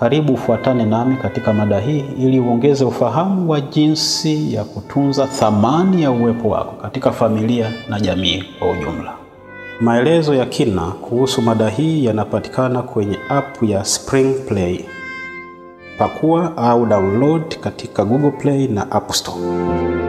Karibu ufuatane nami katika mada hii ili uongeze ufahamu wa jinsi ya kutunza thamani ya uwepo wako katika familia na jamii kwa ujumla. Maelezo ya kina kuhusu mada hii yanapatikana kwenye app ya Spring Play. Pakua au download katika Google Play na App Store.